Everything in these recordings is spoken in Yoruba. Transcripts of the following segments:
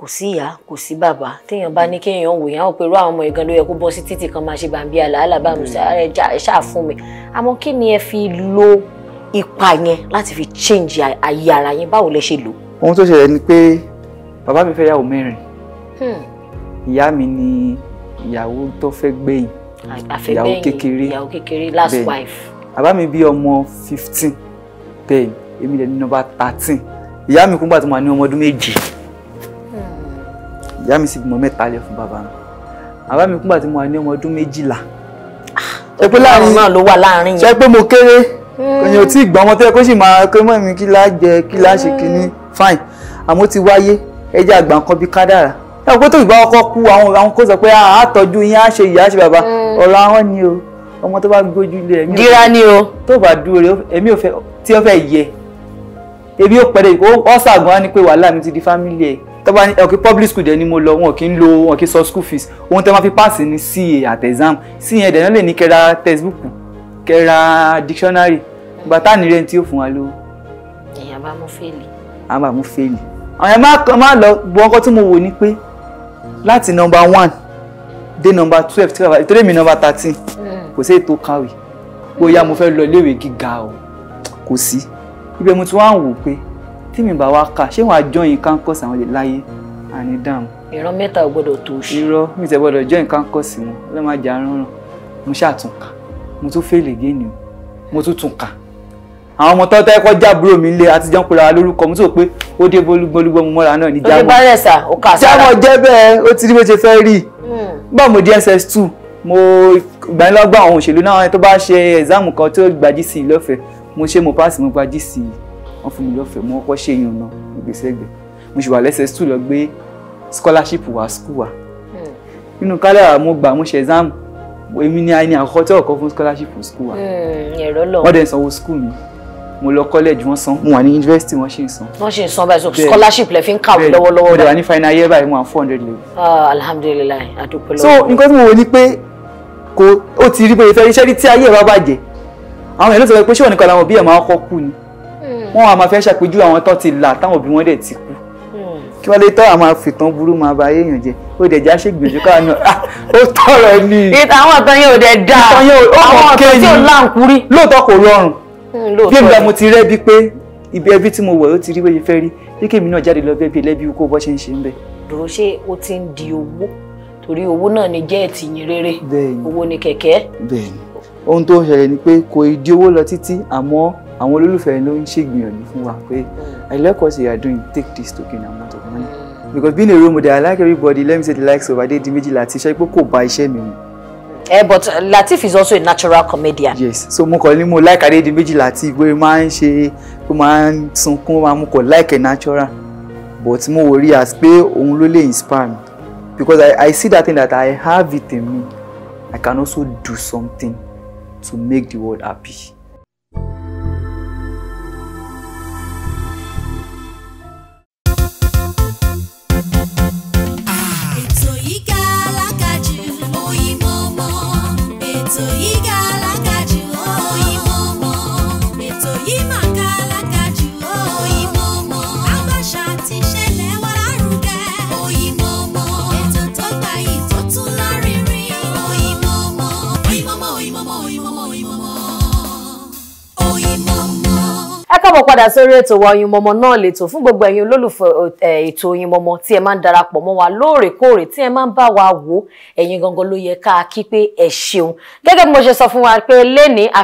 kò sí ìyá kò sí bàbá téèyàn bá ní kéèyàn wò yàn pẹ̀lú àwọn ọmọ ìgan ló yẹ kó bọ́ sí títì kan máa ṣe bàbí àlàálà bá mi ṣáà fún mi àmọ́ kí ni ẹ fi lo ipa yẹn láti fi change ayé ara yẹn báwo lẹ ṣe lò. ohun tó ṣẹlẹ̀ ni pé bàbá mi fẹ́ yàwó mẹ́rin hmm. ìyá mi ni ìyàwó tó fẹ́ gbẹ̀yìn ìyàwó kékeré ìyàwó kékeré last wife. bàbá mi bí ọmọ fifteen bẹ́ẹ̀ èmi dẹ̀ ní nọ́mbà thirteen ìyá mi kúngbà tó máa ní ọmọ ọdún méje ìyá mi sì bímọ mẹ́ta lẹ̀ fún bàbá mi bàbá mi kúgbà tí mo wà ní ọmọ ọdún méjìlá. ṣé pé láàrin náà ló wà láàrin yìí. ṣé pé mo kéré hmm. kòyìn ò tí ì gbọ́n ọmọ tó kó sì máa kó mọ́ mi kí láá jẹ kí láá ṣe hmm. kínní fine àmọ́ ó ti wáyé ẹjẹ́ àgbà nǹkan bíi kádàrà ẹ kó tó ìgbà ọkọ kú àwọn àwọn kó sọ pé ah, a tọ́jú yín á ṣe ìyá ṣe bàbá hmm. ọ̀rọ̀ àwọn ni o ọmọ tó bá gbójú lé ẹ̀mí. dira ni o. tó bá dúró rẹ èmi ò fẹ́ tí ó fẹ́ yẹ èmi ò pẹ̀lẹ́ ọ̀sàgùn á ní pé wàhálà mi ti di fámílì ẹ̀ tó bá ní ọkì public school dẹ̀ ni mo lọ wọn kì í lo wọn kì í sọ school fees ohun tẹ́ máa fi pass ni ca àti exam ca yẹn dẹ̀yán lè ní kẹ́ra textbook kẹ́ra dictionary bàtà nìrẹ́ tí ó fún wa lówó. èèyàn bá mú fèlì. a máa mú fèlì. àwọn ẹ̀ máa lọ bu ọkọ tí mo wò ni pé láti nọmba one dé nọmba twelve tí kàwé ìtọ́lẹ́mì nọmba thirteen hmm. kò sí ètò kàwé bóyá mo fẹ́ lọ iléèwé gíga o kò sí ibẹ̀ mo ti wá ń wò pé tí mi bá wá kà ṣé wọn àjọ yìí kankọ́sì àwọn lè láyé àní dààmú. ìran mẹ́ta ò gbọ́dọ̀ tó oṣù. irọ́ mi tẹ gbọ́dọ̀ jọ yìí kankọ́sì wọn ọlọ́mọ ajá rọrùn mo ṣàtúnkà mo tún fèlè géènì o mo tún tún kà àwọn ọmọ tọ́tọ́ ẹ̀kọ́ jábúrò mi lé àtijọ́ ń pera wa lórúkọ mo tó pé ó dé bolúgbọ́lúgbọ́ mu mọ́ra náà ní jámọ́ lórí bárẹ̀ sà ó kà sára jámọ́ jẹ́ bẹ́ẹ̀ ó ti rí bó hmm. mo dss two mo gbanilọ́gbọ̀n àwọn òṣèlú náà tó bá ṣe ẹ̀záàmù kan tó gbajì sí i e lọ́fẹ̀ẹ́ mo ṣe mo páàsì mo gbajì sí i wọ́n fún mi lọ́fẹ̀ẹ́ mo kọ́kọ́ ṣe èèyàn náà ìgbésẹ̀gbẹ̀ mo ṣì wà lẹ́sẹ̀ stool lọ gbé scholarship wá school wa nínú hmm. kálẹ̀ mo gbà mo ṣe exam èmi ni àìní àkọ́kọ́ tí ọ̀kọ́ fún scholarship school wa hmm, wọ́n dẹ̀ sanwó school mi mo lọ college wọ́n san mo wà ní university wọ́n ṣì ń san. wọ́n ṣì ń san báyìí so scholarship lẹ fi ń kàwé lọ́wọ́lọ́wọ́. mo dẹ̀ wà ní final year báyìí mo wà four hundred level. Ah, alhamdulilayi adúpẹ́ lọ́wọ́. so nǹkan tí mo wò ni pé kò ó ti rí pé ìfẹ́ iṣẹ́ tí ayé ẹ̀ bá bàjẹ́ àwọn èèyàn ló sọ pé ṣé òun nìkan làwọn òbí ẹ̀ máa kọ́ kú ni wọ́n á máa fẹ́ ṣàpèjú àwọn tó ti là táwọn òbí wọn dẹ̀ ti kú kí wọ́n lè tọ́ àwọn àfìtàn burú máa ba ayé èèyàn jẹ ó dẹ̀ já ṣe gbèjú káà náà ah, ó tọrọ ni. àwọn ọ̀tàn yẹn ò dẹ̀ da àwọn ọ̀tàn tí ò láǹkúrí. lóòótọ́ kò rọrùn bí hmm, èmi mo ti rẹ́ bí pé ibi ẹbí tí mo wọ̀ ó ti rí wéye fẹ́ rí bí kèmi náà jáde lọ bẹ́ẹ̀ bí ẹlẹ́bí kó bọ́ ṣe ń ṣe ń bẹ̀. dúró ṣé o ti ń di owó torí owó náà ni jẹ́ẹ̀tì yín rere owó ni kẹ̀kẹ́. bẹ́ẹ̀ni ohun tó ń ṣẹlẹ̀ ni pé kò ì di owó lọ títí àmọ́ àwọn olólùfẹ́ ló ń ṣègbìyànjú fún wa pé mm. I love what you are doing take this token amount of money because being a role model I like everybody let me say the likes of Adedimeji Lateef ṣe pé kò bá iṣẹ́ mi mu. Eh, but uh, Latif is also a natural comedian. yes so mo kàn ní mo like Adedimeji Lateef wey máa ń ṣe pé máa ń sunkún máa mo kàn like a natural but mo wò rí as pé òun ló lè inspire me because I, I see that thing that I have it in me I can also do something to make the world happy. sorrir. káàbọ̀ padà sórí ètò wa Oyinmomo náà lẹ́tọ̀ fún gbogbo ẹ̀yin olólùfẹ́ ètò Oyinmomo tí ẹ máa ń darapọ̀ mọ́ wa lóòrèkóòrè tí ẹ máa ń bá wa wò ẹ̀yin gangan ló yẹ ká kí pé ẹ ṣeun gẹ́gẹ́ bí mo ṣe sọ fún wa pé lẹ́ni a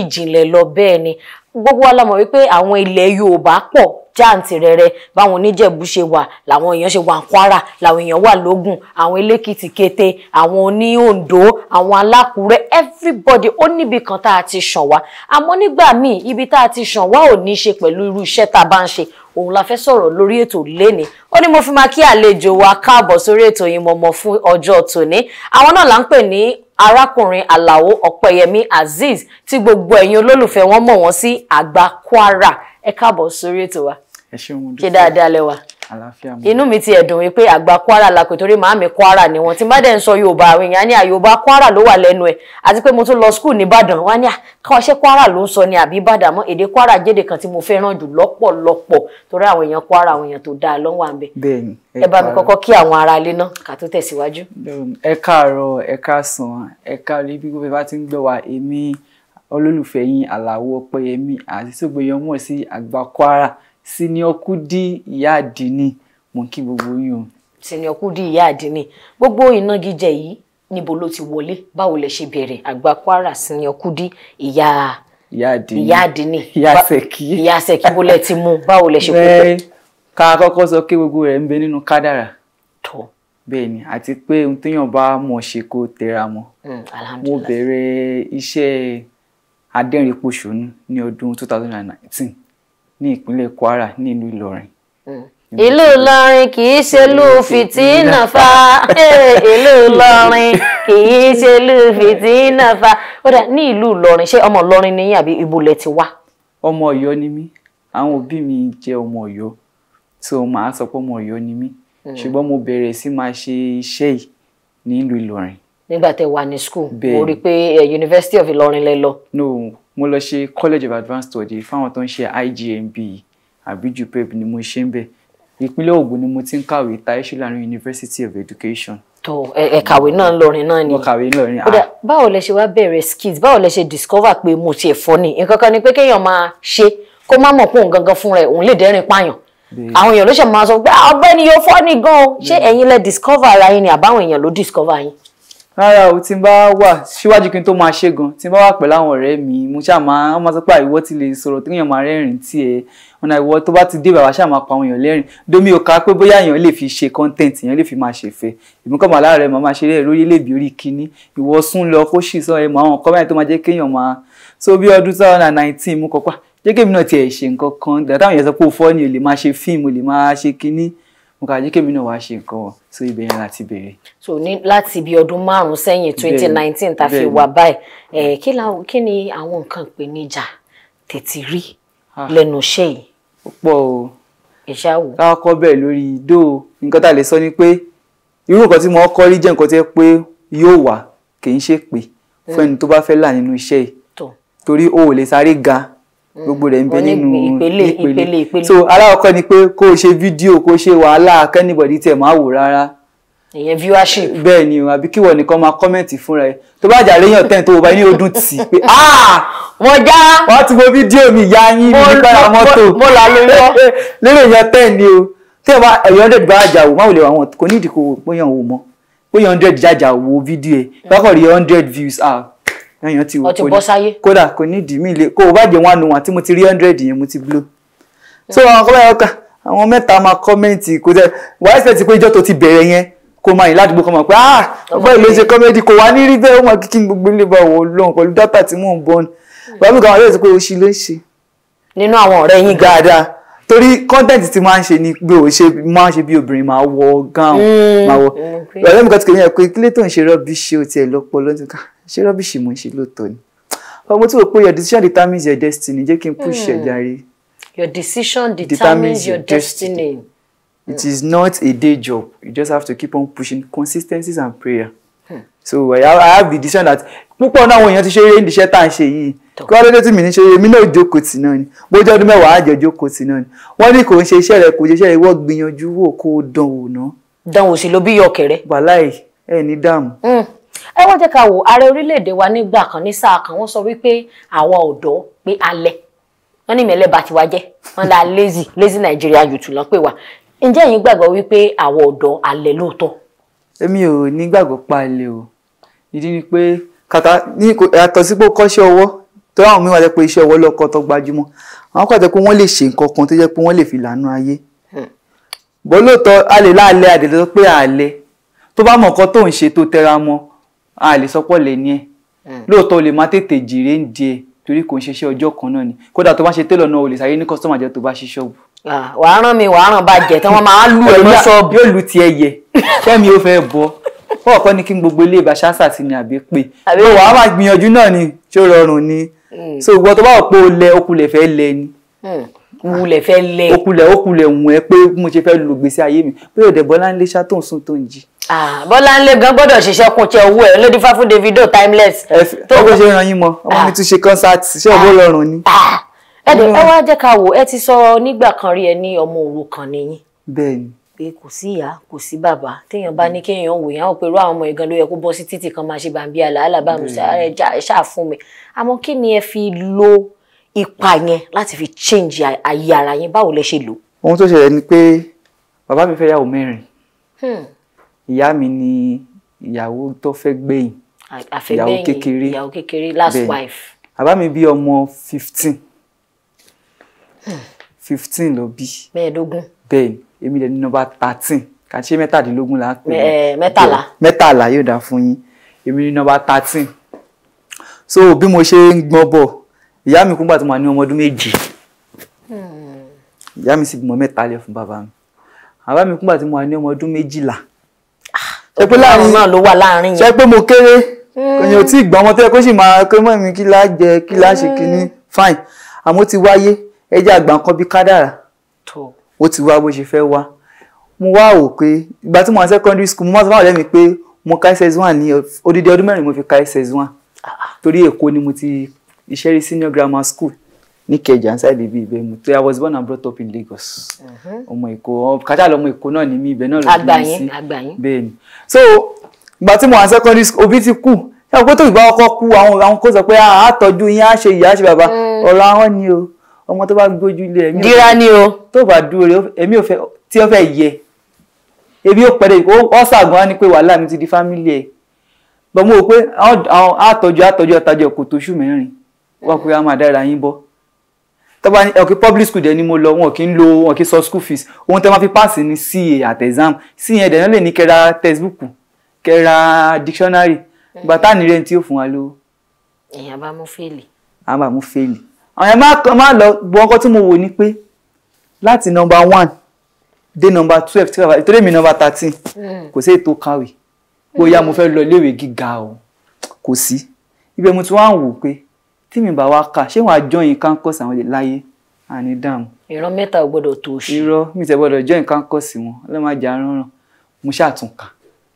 ìjìnlẹ̀ lọ bẹ́ẹ̀ ni gbogbo wa la mọ̀ wípé àwọn ilẹ̀ Yorùbá pọ̀ jáǹtìrẹrẹ báwọn oníjẹ̀bú ṣe wà làwọn èèyàn ṣe wà ń kwara làwọn èèyàn wà lógùn àwọn elékìtì kété àwọn oníòǹdó àwọn alákùrẹ́ everybody ó níbi kan tá a ti ṣàn wá àmọ́ nígbà míì ibi tá a ti ṣàn wá ò ní ṣe pẹ̀lú irú iṣẹ́ tá a bá ń ṣe òun la fẹ́ sọ̀rọ̀ lórí ètò léni ó ní mo fi máa kí àlejò wa káàbọ̀ sórí ètò yìí mọ̀mọ́ fún ọjọ́ tòní àwọn náà là ń pè ní arákùnrin Àlàó Ọ̀pẹ̀yẹmí Azeez tí gbogbo ẹ̀yin olólùfẹ́ wọn mọ̀ wọ́n sí àgbà Kwara ẹ káàbọ̀ sórí ètò wa ẹ ṣeun ṣe dáadáa lẹ́wà inú mi ti ẹ̀dùn wípé àgbà kwara la pè torí màámi kwara ni wọn tí bá dẹ̀ ń sọ yorùbá àwọn èèyàn ní àyòbá kwara ló wà lẹ́nu ẹ̀ àti pé mo tún lọ skul nìbàdàn wá ní àkọ́ṣe kwara ló ń sọ ní àbí ìbàdàn mọ́ èdè kwara jẹ́dẹ̀ kan tí mo fẹ́ràn jù lọ́pọ̀lọpọ̀ torí àwọn èèyàn kwara àwọn èèyàn tó dáa lọ́wọ́ àbẹ̀ ẹ bá mi kọ́kọ́ kí àwọn ará ilé náà kà tó tẹ̀síwájú. ẹ káàárọ̀ ẹ káàsán ẹ káàlẹ́ bí gbogbo bá ti ń gbọ́ wa èmi olólùfẹ́ yín àlàó ọpẹ́yẹmí àti sógbóyọmọ̀ sí àgbà kwara Senior Kudi ìyá àdínì mo kí gbogbo yín o. Senior Kudi ìyá àdínì gbogbo ìnagijẹ yìí níbo ló ti wọlé báwo lẹ ṣe bẹ̀rẹ̀ àgbà Kwara Senior Kudi ìyá ìyá àdínì ìyá sẹ̀kí ìyá sẹ̀kí bó lẹ ti mú báwo lẹ ṣe kú. bẹ́ẹ̀ ká kọ́kọ́ sọ pé gbogbo rẹ̀ ń bẹ nínú kádàrà tọ́ bẹ́ẹ̀ ni àti pé ohun téèyàn bá mọ̀ ṣe kó tẹra mọ́ mm, mo bẹ̀rẹ̀ iṣẹ́ adẹ́rìnpòṣónú ní ọdún two thousand and nineteen ní ìpínlẹ̀ Kwara nílùú Ìlọrin. ìlú Ìlọrin kì í ṣe lú fìtínà fa ìlú Ìlọrin kì í ṣe lú fìtínà ó dà ní ìlú Ìlọrin ṣé ọmọ Ìlọrin ni yín àbí ibo lẹ ti wá. ọmọ Ọ̀yọ́ ni mí àwọn òbí mi jẹ́ ọmọ Ọ̀yọ́ tí o máa sọ pé ọmọ Ọ̀yọ́ ni mí hmm. ṣùgbọ́n mo bẹ̀rẹ̀ sí máa ṣe iṣẹ́ yìí nílùú Ìlọrin nígbà tẹ wà ní school mo rí i pé eh, University of Ìlọrin lẹ lọ. no mo lọ ṣe college of advanced study fáwọn tó ń ṣe igmb e. àbíjú prep ni mo ṣe ń bẹ̀ ìpínlẹ̀ Ògùn ni mo ti ń kàwé Táíṣù Ìlọrin University of Education. tó ẹ kàwé náà ńlọrin náà ni mo kàwé ńlọrin. kódà báwo lẹ ṣe wá bẹ̀rẹ̀ skills báwo lẹ ṣe discover pé mo ti ẹ̀ fọ́ ni nǹkan kan ni pé kéèyàn máa ṣe kó má mọ̀ pé òun gangan fúnra ẹ̀ òun lè dẹ́rìn pààyàn àwọn èèyàn ló ṣe máa sọ pé ah, ọ̀gbẹ́ni yóò fọ́ ni gan o ṣé ẹ̀yin lẹ discover ara yín ni àbáwọn èèyàn ló discover yín rárá o tí n bá wà síwájú kí n tó máa ṣe gan tí n bá wà pẹ̀lú àwọn ọ̀rẹ́ mi mo ṣáà máa wọ́n máa sọ pé àìwọ́ ti lè sọ̀rọ̀ téèyàn máa rẹ́rìn tí ẹ ọ̀nà ìwọ tó bá ti dé bàbá ṣáà máa pa àwọn èèyàn lẹ́rìn domi ò ká pé bóyá èèyàn lè fi ṣe content èèyàn lè fi máa ṣe fẹ́ èmi kọ́ màá láàárẹ̀ màá máa ṣeré ẹ̀rọ yé lè orí kíní ìwọ sún lọ kó sì sọ ẹ̀mọ so bí 2019 mú kọ́pà jẹ́ kémi náà tiẹ̀ ṣe nǹkan kan dàtà àwọn ni nǹkan àjẹkẹ́mi náà wàá ṣe nǹkan wọn so ibẹ̀ yẹn láti bẹ̀rẹ̀. so ní láti ibi ọdún márùn sẹ́yìn twenty nineteen ta fi wà báyìí kí ni àwọn nǹkan ìpèníjà tètè rí ah. lẹ́nu iṣẹ́ yìí. ó pọ̀ o ìṣá wò. ká kọ́ bẹ́ẹ̀ lórí ìdó nǹkan tá a lè sọ ni pé irú nǹkan tí mo kọ́ rí jẹ́ nǹkan tí ẹ pé yóò wà kì í ṣe pé fún mm. ẹni tó bá fẹ́ là nínú iṣẹ́ yìí torí o ò lè sáré ga gbogbo rẹ̀ ń bẹ nínú ìpele ìpele so aláwọ̀kọ́ ni pé kó o ṣe fídíò kó o ṣe wàhálà kẹ́nìbọ̀dì tẹ̀ máa wò rárá. ìyẹn viewership. bẹ́ẹ̀ ni o àbí kíwọ nìkan máa kọ́mẹ̀ntì fúnra ẹ tó bá jà léyàn tẹ́ǹ tó o bá ní ọdún tì í pé wọ́n ah, já wọ́n ti wo fídíò mi ìyá yín ní kára mọ́tò mo là lórí wọn. lérò yẹn tẹ́ǹ ni o tí wọ́n bá ẹ̀yọ́ hundred bá jà wò má wò lè wà wọn kò ní ìdíkò pé yàn wò mọ́ pé yàn hundred jájà wò fídíò ẹ̀ bákan rí hundred views ah èèyàn ti wò kódà kò nídìí mí lè kó o bá jẹ wọn ànú oh tí mo ti rí hundred yẹn mo ti blow so àwọn kọ́ báyọ̀ kà àwọn mẹ́ta máa kọ́mẹ́ǹtì kò jẹ́ wàá ṣe ti pé ìjọ́ tó ti bẹ̀rẹ̀ yẹn kó máa yìn ládùúgbò kan pé ah ọgbọ́n ìlú ṣe kọ́mẹ́dì kò wá ní rí bẹ́ẹ̀ ó máa kíkí gbogbo ilé bá wọ̀ lọ́hùn pẹ̀lú dátà tí mò ń bọ́n bàbá mi kan àwọn yóò pé nínú àwọn ọ̀rẹ́ yín dáadáa torí kọ́ńtẹ́ǹtì tí máa ń ṣe ni pé òṣè máa ń ṣe bí obìnrin máa wọ gáwọn hmm, máa wọ ọ̀rẹ́ mi kan ti kò ní pé kílé tó ń ṣe rọ́bì ṣe ò tiẹ̀ lọ́pọ̀ lọ́dún kan ṣé rọ́bìṣì mo ń ṣe lóòótọ́ ni ọmọ tí o pé your decision determines your destiny jẹ́ kí n push ẹ̀ hmm. jàre. your decision determines your destiny. it hmm. is not a day job you just have to keep on pushing consistencies and prayer. Hmm. so I have, I have the decision that púpọ̀ náà àwọn èèyàn ti ṣe eré ìdíṣẹ́ tá à ń ṣe yìí kí wọ́n dédé tí mi ní ṣe èmi náà jókòó tì náà ni bójú ọdún mẹ́wàá àjọ jókòó tì náà ni wọ́n ní kò ń ṣe iṣẹ́ rẹ kò ṣe iṣẹ́ rẹ wọ́n gbìyànjú wò kó dánwò náà. dánwò sí ló bí yọkẹrẹ. wàláì ẹ ní dààmú wá jẹ́ ká wò ààrẹ orílẹ̀-èdè wa nígbà kan ní sáà kan wọ́n sọ wípé àwa ọ̀dọ́ pé alẹ́ wọ́n ní ìmẹ̀lẹ́ bá ti wá jẹ́ wọ́n dá lazy lazy Nigeria youth lọ́n pè wá ǹjẹ́ yín gbàgbọ́ wípé àwa ọ̀dọ́ alẹ́ lóòótọ́. èmi ò ní gbàgbọ́ pa alẹ́ o ìdí ni pé kàkà ní yàtọ̀ sípò kọ́ṣẹ́ ọwọ́ tó àwọn mìíràn jẹ́ pé iṣẹ́ ọwọ́ lọ́kọ́ tó gbajúmọ̀ àwọn kọ́ jẹ́ pé wọ́n lè ṣe nǹkan kan tó jẹ́ pé wọ́n lè fi lànà ayé hmm. bọ́ alẹ́ láàlẹ́ àdèlè pé àlẹ́ tó bá mọ̀ nǹkan tó ń ṣe tó tẹra mọ́ a lè sọpọ̀ lè ní ẹ̀ hmm. lóòótọ́ o lè má tètè jèrè ń di ẹ̀ torí kò ń ṣiṣẹ́ ọjọ́ kan náà ni kódà tó bá ṣe télọ̀ náà o lè sáré ní kọ́sítọ́mà jẹ́ tó bá ṣe ṣọ́ọ̀bù. wàá rán mi wàá rán bàjẹ́ tí wọ́n máa lu ẹ̀ ní ṣọ́ọ̀bù. yóò lu tiẹ̀ yẹ fẹ́mi ó fẹ́ bọ́ fọ́ọ̀ kọ́ ni kí n gbogbo ilé ìbá ṣáṣà sí ni àbí pé ló wàá máa gbìyànjú náà ni ṣó rọrùn ni hmm. so gbọ́ tó bá wọ̀ pé o lẹ okùn lẹ̀ fẹ́ lẹ ni hmm wulẹ̀ fẹ́ lẹ̀. okulẹ̀ okulẹ̀ wùn ẹ́ pé mo ṣe fẹ́ lo gbèsè ayé mi pé òde Bọ́láńlé ṣá tó ń sun tó ń jí. Bọ́láńlé gan gbọ́dọ̀ ṣiṣẹ́ kun jẹ owó ẹ̀ lódì fáfún Davido timeless. ẹ ọgbọ́n ṣe ràn yín mọ ọmọ mi tún ṣe concert ṣé ọgbọ́n lọ́rùn ni. ẹ dẹ̀ ẹ wá jẹ́ ká wò ẹ ti sọ nígbà kan rí ẹ ní ọmọ òrukàn nìyí. bẹ́ẹ̀ni pé kò sí ìyá kò sí bàbá téèyàn bá ní kéèyàn wò yàn ó pẹ̀lú àwọn ọmọ ìgan ló yẹ kó bọ́ sí títì kan máa ṣe bàbí àlàálà bá musa ṣáà fún mi àmọ́ kí ni ẹ fi lo ipa yẹn láti fi change ayé ara yẹn báwo lẹ ṣe lò. ohun tó ṣẹlẹ̀ ni pé bàbá mi fẹ́ yàwó mẹ́rin hmm. ìyá mi ni ìyàwó tó fẹ́ gbẹ̀yìn ìyàwó kékeré ìyàwó kékeré last wife. bàbá mi bí ọmọ fifteen hmm. fifteen ló bí. mẹ́ẹ̀ẹ́dógún. bẹ́ẹ̀ èmi dẹ̀ ní nọ́mbà thirteen kà ṣe mẹ́tàdínlógún là ń pè é. mẹ́tàlá. mẹ́tàlá yóò dá fún yín èmi ní nọ́mbà thirteen so bí mo ṣe ń gbọ́n bọ̀ ìyá mi kúngbà tí mo ní ọmọ ọdún méjì hmm. ìyá mi sì bímọ mẹ́ta lẹ̀ fún bàbá mi bàbá mi kúngbà tí mo ní ọmọ ọdún méjìlá ah, ṣe pé láàrin náà ló wà láàrin yẹn ṣe pé mo kéré hmm. kòyìn ò tí ì gbọ́n ọmọ tẹ́lẹ̀ kó sì máa pé mọ́ mi kí láá jẹ kí láá ṣe hmm. kínní fine àmọ́ ti wáyé ẹjẹ́ àgbà nǹkan bí kádàrà ó ti wá bó ṣe fẹ́ wá mo wá wò pé ìgbà tí mo wà secondary school mo máa sọ fáwọn ọ̀rẹ́ mi pé mo ka ss ah, ah. ni mo Ìṣẹ́rí senior grammar school ní Ìkẹjà inside ibi ibẹ̀ mu so I was born and brought up in Lagos mhm. ọmọ Èkó kàtà lọmọ Èkó náà ni mí ibẹ̀ náà ló bí mi sí bẹ́ẹ̀ ni so ìgbà tí mo wà secondary school òbí ti kú yàtọ̀ pé tó ìgbà ọkọ̀ kú àwọn àwọn kó sọ pé ah, a tọ́jú yín á ṣe ìyá á ṣe bàbá mm. ọ̀rọ̀ ahọ́n ni o ọmọ tó bá gbójú ilé ẹ̀mí dírá ni o tó bá dúró rẹ ẹ̀mí ò fẹ́ tí ó fẹ́ yẹ ebi ó pẹ̀lẹ́ ó ṣàgùn á ní pé wàhálà mi ti di fámílì ẹ̀ bọ̀ mo rò pé àtọ́jú àtọ́jú àtàjọ kò tó ṣù mẹ́rin wọ́n pe a máa dára yín bọ́ tọ́ba ní ọ̀kí public school dẹ̀ ni mo lọ wọn kì í lo wọn kì í sọ school fees ohun tẹ́ máa fi páàsì ní CA àti exam CA yẹn dẹ̀ náà lè ní kẹ́ra textbook kẹ́ra dictionary bàtà ni rẹ́ntì ó fún wa lówó. èèyàn bá mú fèlè. àwọn bá mú fèlè àwọn yẹn má lọ gbọ́ ọkọ tí mo wò ni pé láti nọmba one dé nọmba twelve tí wàá mi nọmba thirteen mm. kò sí ètò kàwé bóyá mo fẹ́ lọ iléèwé gíga o kò sí ibẹ̀ mo ti wá ń wò pé tí mi bá wá kà ṣé wọn àjọyìn campus àwọn lè láyé àní dààmú. ìran mẹ́ta ò gbọ́dọ̀ tó ṣe. irọ́ mi tẹ gbọ́dọ̀ join campus wọn ọlọ́màjà rọrùn mo ṣàtúnkà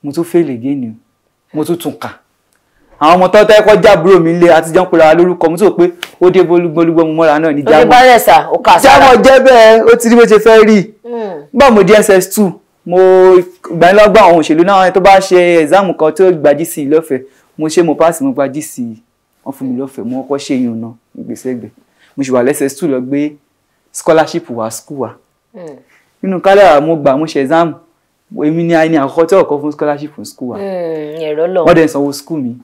mo tún fèlè géènì mo tún tún kà àwọn ọmọ tọ́tọ́ ẹ̀kọ́ jábúrò mi lé àtijọ́ ń pera lórúkọ mo tó pé ó dé gbólúgbólúgbó mo mọ́ra náà ní jámọ́. ó ti jámọ́ jẹ́ bẹ́ẹ̀ ó ti rí bó ṣe fẹ́ rí hmm. mo dss two mo ìgbàlélọ́gbọ̀n àwọn òṣèlú náà tó bá ṣe ẹ̀záàmù kan tó gbajì sí i wọ́n fún mi lọ́fẹ̀ẹ́ mo kọ́kọ́ ṣe yun náà ìgbésẹ̀ gbẹ mo ṣì wà lẹ́sẹ̀ stool lọ gbé scholarship wa school wa hmm. nínú kálẹ̀ mo gbà mo ṣe exam èmi ni àìní àkọ́kọ́ tí ọ̀kọ́ fún scholarship fún school wa hmm, wọ́n dẹ̀ sanwó school mi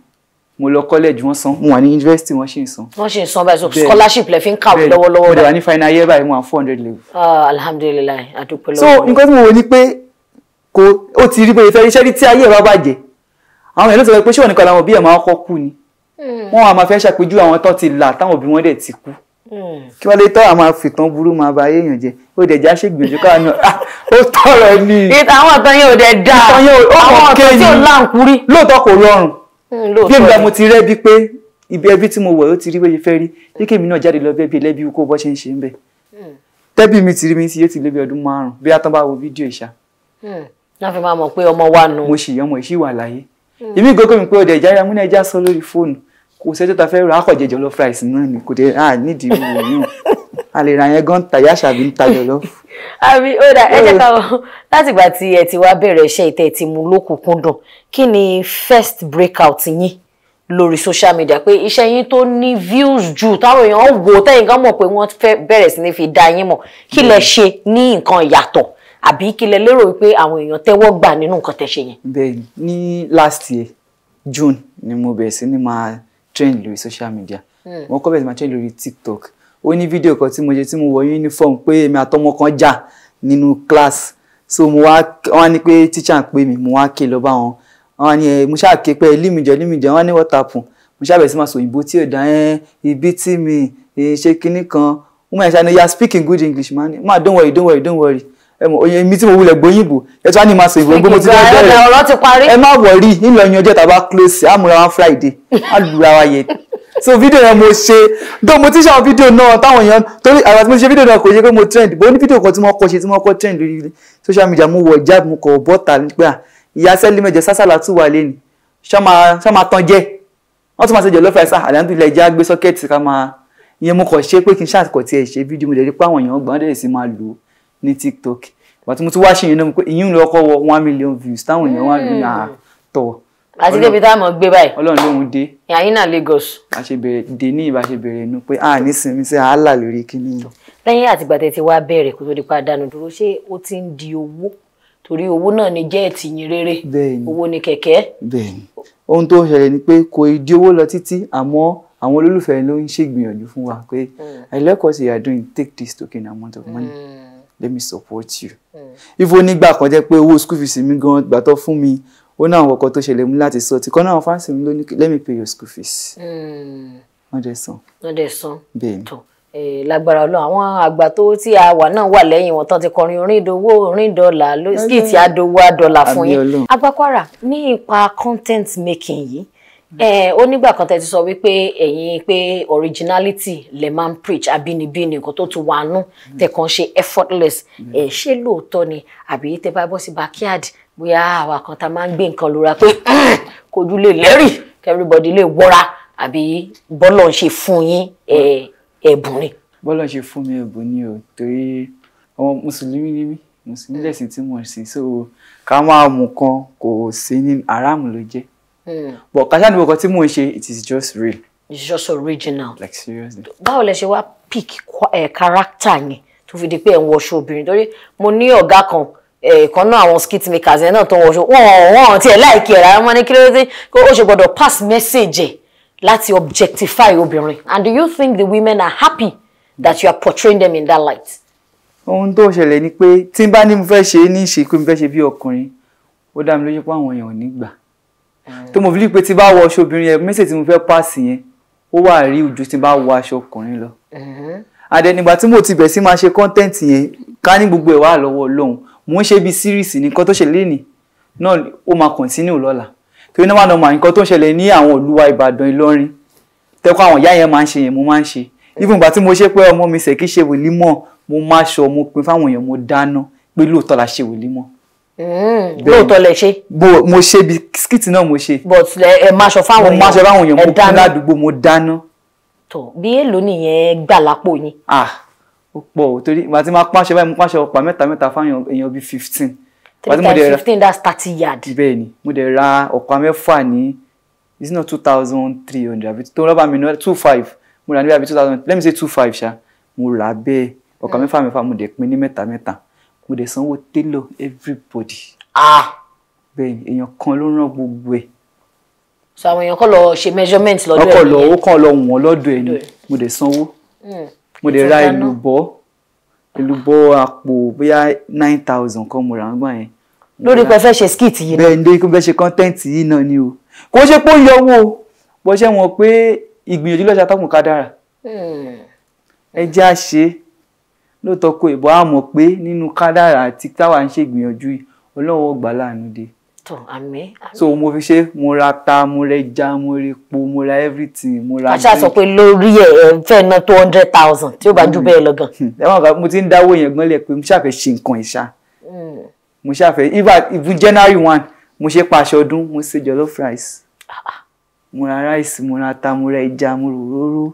mo lọ college wọ́n san mo wà ní university wọ́n ṣì ń san. wọ́n ṣì ń san báyìí so scholarship lẹ fi ń kàwé lọ́wọ́lọ́wọ́ báyìí. mo dẹ̀ ní final year báyìí mo wà four hundred level. Ah, alhamdulilayi adúpẹ́ lọ́wọ́. so nǹkan tí mo wò ni pé kò ó ti rí pé ìfẹ́ iṣẹ́ tí ayé ẹ̀ bá bàjẹ́ àwọn èèyàn ló sọ pé ṣé òun nìkan làwọn òbí ẹ̀ máa kọ́ kú ni Hmm. wọ́n á máa fẹ́ ṣàpèjúwe àwọn tó ti là táwọn òbí wọn dẹ̀ ti kú hmm. kí wọ́n lè tọ́ àwọn àfìtàn burú máa ba ayéèyàn jẹ ó dẹ̀ já ṣègbìyànjú káwọn náà ah, ó tọrọ ni. àwọn ọ̀tàn yẹn ò dẹ̀ dà àwọn ọ̀tàn tí ò láǹkúrí. lóòótọ́ kò rọrùn hmm, bí ìgbà mo ti rẹ́ bí pé ibi ẹbí tí mo wọ̀ ó ti rí wéye fẹ́ rí bí kèmi náà jáde lọ bẹ́ẹ̀ bí ẹlẹ́bí kó bọ́ ṣe ń ṣe ń bẹ̀. tẹ́bí mi ti rí mi sí yóò ti lé bí ọdún márùn-ún bí atán bá wo fídíò ìṣá. náà fi máa mọ̀ pé ọmọ wa nù. mo ṣì yọmọ ìṣì láyé. ìmí ìgógó mi pé ọ̀dẹ̀ ìjà kò sẹ́jọ́ ta fẹ́ ra akọ̀jẹ̀ jọlọ́f rice náà ni kò dé à nídìí wò yìí a lè ra yẹn gan tàyà ṣàbí ń ta jọlọ́f. àbí ó dà ẹ jẹ́ ká wọ láti ìgbà tí ẹ ti wá bẹ̀rẹ̀ iṣẹ́ ìtẹ́ ti mú lókùnkúndùn kí ni first breakout yín lórí social media pé iṣẹ́ yín tó ní views ju táwọn èèyàn wò tẹ́yìn gan mọ̀ pé wọ́n fẹ́ bẹ̀rẹ̀ sí ní fi dá yín mọ̀ kí lẹ ṣe ní nǹkan ìyàtọ̀ àbí kí lẹ lérò wípé àwọn èèyàn tẹ́wọ́ gbà nínú nǹkan tẹ́ ṣe yẹn. bẹ́ẹ̀ni ní last year June ni mo bẹ̀rẹ̀ sí ni máa trend lórí social media wọn kọ́ bẹ̀rẹ̀ sí máa trend lórí tiktok ó ní fídíò kan tí mo ṣe tí mo wọ uniform pé èmi àtọmọ kan jà nínú class so mo wá wọn ní pé teacher ń pè mí mo wá ké lọ bá wọn wọn ní ẹ mo ṣáà ké pé límìjọ límìjọ wọn ní what happen mo ṣáà bẹ̀rẹ̀ sí máa sọ òyìnbó tí ò dá ẹ ibi tí mi ṣe kinní kan wọn máa ṣàníyà speaking good english man ma don't worry don't worry don't worry oyin mi tí mo wulẹ̀ gbóyìnbó ẹ tí wàá ní ma ṣe ìbò gbogbo ti bẹ́ẹ̀ bẹ́ẹ̀ ẹ má wọ̀rí ńlọ yan ọjọ́ tàbá close àmúra wa friday á lura wa yẹn so video yẹn mo ṣe dó mo ti ṣe àwọn fídíò náà táwọn èèyàn torí àwọn tí mo ṣe fídíò náà kò yẹ pé mo trend bó ní fídíò kan tí mo kọ ṣe tí mo kọ trend lórí social media mo wọ ìjáàbù mo kọ bọ́tà nípa ah, ìyá sẹ́lí mẹ́jẹ sásàlà tù wà lẹ́nu ṣá máa tán jẹ́ wọ́n tún máa ṣe jọ lọ́fẹ̀ẹ́ sá àlàndùlẹ̀ ìjà gbé sọ́kẹ́ẹ̀tì ká máa ìyẹn mo kàn ṣe pé kí n ṣàkọ̀tì ẹ̀ ṣe fídíò mo dẹ̀ rí pé àwọn èèyàn gbọ́n dẹ̀ sì máa lò ó ní tiktok ìgbà tí mo ti wá ṣe yẹn náà pé ìyún lọkọ wọ one million views táwọn èèyàn wà lónìí àtọ. Ah, àti débi tá a mọ̀ gbé báyìí. ọlọ́run lóhun dé. yàyín náà lagos. bá ṣe bẹ̀rẹ̀ dé ní ìbá ṣe bẹ̀rẹ̀ inú pé a ah, ní sinmi sí àhálà lórí kíní. lẹ́yìn àtìgbà tẹ́ ti wá bẹ̀rẹ̀ kó tó di pa dànù dúró ṣé ó ti ń di owó torí owó náà ni jẹ́ẹ̀tì yín rere owó ni kẹ̀kẹ́. bẹ́ẹ̀ni ohun tó ń ṣẹlẹ̀ ni pé kò ì di owó lọ títí àmọ́ àwọn olólùfẹ́ ló ń ṣègbìyànjú fún wa pé hmm. I like what you take this token amount of money. Mm let me support you. ivo hmm. nígbà kan jẹ́ pé owó school fees mi gan gbà tó fún mi ó náà àwọn ọkọ̀ tó ṣẹlẹ̀ mú láti sọ ti kọ́ náà fáǹsì mi ló ní let me pay your school fees. Hmm. wọ́n dẹ̀ san. wọ́n dẹ̀ san. bẹ́ẹ̀ ni lágbára Ọlọ́run àwọn àgbà tó tí a wà náà wà lẹ́yìn wọn tán ti kọrin orin ìdòwò orin dọ́là skit adowó adọ́là fún yín Àgbà Kwara ní ipa content making yìí ẹ ó nígbà kan tẹ ti sọ wípé ẹ̀yin pé originality lè máa ń preach àbínibí ni nǹkan tó ti wà nù tẹ kàn ṣe effortless mm. ẹ ṣé lóòótọ́ ni àbí tẹ bá bọ́ sí backyard bóyá àwa kan tá máa ń gbé nǹkan lura pé kojú lè lẹ́rìí everybody lè wọ́ra àbí bọ́lọ̀ ń ṣe fún yín ẹ̀bùn ni. bọ́lọ̀ ṣe fún mi ẹ̀bùn ni o torí ọmọ mùsùlùmí ni mí mùsùlùmí lẹ̀sìn tí mo sì so ká máa mú kan kò sí ní aráàmù ló jẹ́ Hmm. but kàṣà ni nǹkan tí mò it is just real. it's just original. like seriously. báwo lẹ ṣe wá pick eh, character yẹn tó fi di pé ẹ̀ ń wọṣọ obìnrin torí mo ní ọ̀gá kan eh, kan náà àwọn skit makers yẹn náà tó ń wọṣọ wọn wọn tiẹ̀ láìkí ẹ̀ rárá wọn ní kí ló dé ó ṣe gbọ́dọ̀ pass message ẹ̀ láti objectify obìnrin and do you think the women are happy that you are portraying them in that light. ohun tó ṣẹlẹ̀ ni pé tí n bá ní mo fẹ́ ṣe é ní ìṣe pé mo fẹ́ ṣe bí ọkùnrin ó dá mi lójú pé àwọn èèyàn ò ní gbà tó mo fi lè pé tí bá wọ aṣọ obìnrin yẹn mẹ́sẹ̀ tí mo fẹ́ pàṣẹ yẹn ó wà rí ojú tí bá wọ aṣọ ọkùnrin lọ. àdẹnìgbà tí mo ti bẹ̀ sí máa ṣe kọ́ńtẹ́ǹtì yẹn ká ní gbogbo ẹ̀ wà lọ́wọ́ Ọlọ́run mo ń ṣe bí sírìsì ní nǹkan tó ṣẹlẹ̀ ní náà ó máa kọ̀ntínú lọ́la torí náà máa mọ nǹkan tó ń ṣẹlẹ̀ ní àwọn olúwa Ìbàdàn Ìlọrin tẹ́kọ̀ àwọn ìyá yẹn máa ń ṣe yẹn mo máa ń ṣe even ìgbà tí mo ṣe pé ọmọ mi ṣèkí ṣe wòlímọ̀ mo máa ṣọ mo pin fáwọn èèyàn mo dáná pé lóòótọ́ la ṣe wòlímọ̀ Mm. lóòótọ́ lẹ ṣe. mo ṣe bisikíìtì náà mo ṣe. but ẹ máa ṣọ fáwọn èèyàn mo máa ṣọ fáwọn èèyàn mo kún ládùúgbò mo dáná. tó bí èèlò nìyẹn gbà lápò yín. ah ó pọ̀ ò torí màá ti máa pàṣẹ báyìí mo pàṣẹ ọ̀pá mẹ́ta mẹ́ta fáwọn èèyàn bíi fifteen. three times fifteen that's thirty yard. bẹ́ẹ̀ ni mo dẹ̀ ra ọ̀pá mẹ́fà ní it's not two thousand three hundred àbí tó rọ́bà mi náà two five mo rà níbi àbí two thousand let me say two five ṣá mo rà bẹ́ẹ̀ ọ̀pá mm. mẹ́fà mẹ́fà mo dẹ̀ pín ní mẹ́ta mẹ́ta mo dẹ̀ sanwó tailor everybody. ah bẹ́ẹ̀ ni èèyàn kan ló ràn gbogbo ẹ̀. so àwọn èèyàn kàn lọ ṣe measurement lọ́dọ̀ ẹ̀. ọkọ̀ lọ ó kàn lọ wọ̀n lọ́dọ̀ ẹ̀ ni mo dẹ̀ sanwó hmm. mo dẹ̀ ra èlùbọ́ èlùbọ́ àpò bóyá nine thousand kan mo rà ń gbà yẹn. lórí pé fẹ́ ṣe skit yìí náà. bẹ́ẹ̀ ni lórí pé fẹ́ ṣe content yìí náà ni o kò ṣe pé ó yọ owó bọ́ṣẹ́ wọn pé ìgbìyànjú lọ́sàtàkùn kádàrà hmm. ẹ jẹ́ àṣe lóòótọ́ kó ìbọn á mọ̀ pé nínú kádàrà àti táwa ń ṣègbìyànjú yìí ọlọ́wọ́ gbà láàánú dé. tọ àmín. so mo fi ṣe mo ra ta mo ra ẹja mo ra epo mo ra everything mo ra. àṣà sọ pé lórí ẹ ẹ ń ná tó hundred thousand tí ó bá jù hmm. bẹ́ẹ̀ lọ gan. Hmm. mo ti ń dáwọ́ yẹn gbọ́n lẹ̀ pé mo ṣàfẹ́ ṣe nǹkan ìṣá hmm. mo ṣàfẹ́ even January one mo ṣe pàṣẹ ọdún mo ṣe jollof rice ah, ah. mo ra rice mo ra ta mo ra ẹja mo rò róró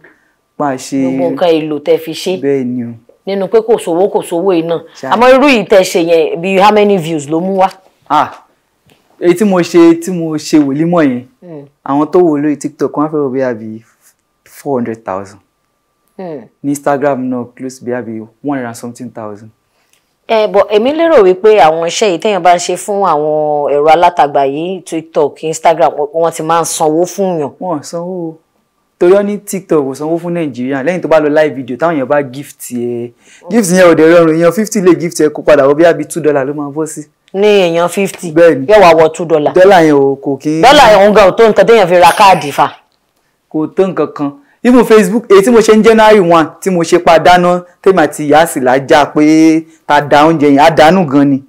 pàṣẹ. gbogbo nǹkan èlò tẹ fi ṣe. bẹ́ẹ̀ ni o nínú pé kò sówó kò sówó iná àmọ́ irú yìí tẹ́ ṣe yẹn bí how many views ló mú wá. ah èyí tí mo ṣe tí mo ṣe wòlímọ̀ yẹn hmm. àwọn to wò lórí tiktok wọ́n fẹ́ wò bí àbí four hundred thousand hmm. instagram náà close bí àbí one hundred and something thousand ẹ eh, bọ èmi lérò wípé àwọn iṣẹ́ yìí téèyàn bá ń ṣe fún àwọn ẹ̀rọ alátagbà yìí tiktok instagram wọ́n ti máa ń sanwó fún yàn. wọ́n torí ní tiktok kò sanwó fún nàìjíríà lẹ́yìn tó bá lọ live video táwọn èèyàn bá gift ẹ gift yẹn ò dẹ̀ rọrùn èèyàn fifty lè gift ẹ kó padà wọ bí àbí two dollar ló máa bọ́ sí. ní èèyàn fifty bẹ́ẹ̀ni yóò wá wọ two dollar dọ́là yẹn ò kò kí. dọ́là yẹn òun gan ò tó nǹkan téèyàn fi ra káàdì fa. kò tó nǹkan kan even facebook èyí tí mo ṣe ní january one tí mo ṣe pàdánù tèmi àti ìyá sì lájà pé ta da oúnjẹ yẹn àdánù gan ni